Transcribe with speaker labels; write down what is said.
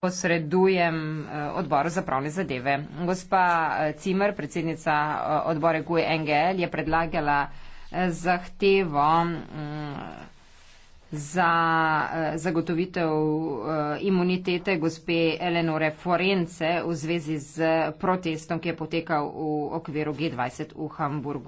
Speaker 1: posredujem eh, odboru za pravne zadeve. Gospa eh, Cimer, predsednica eh, odbore GUE NGL, je predlagala zahtevo mm, za zagotovitev imunitete gospe Eleonore Forence v zvezi z protestom, ki je potekal v
Speaker 2: okviru G20 v Hamburgu.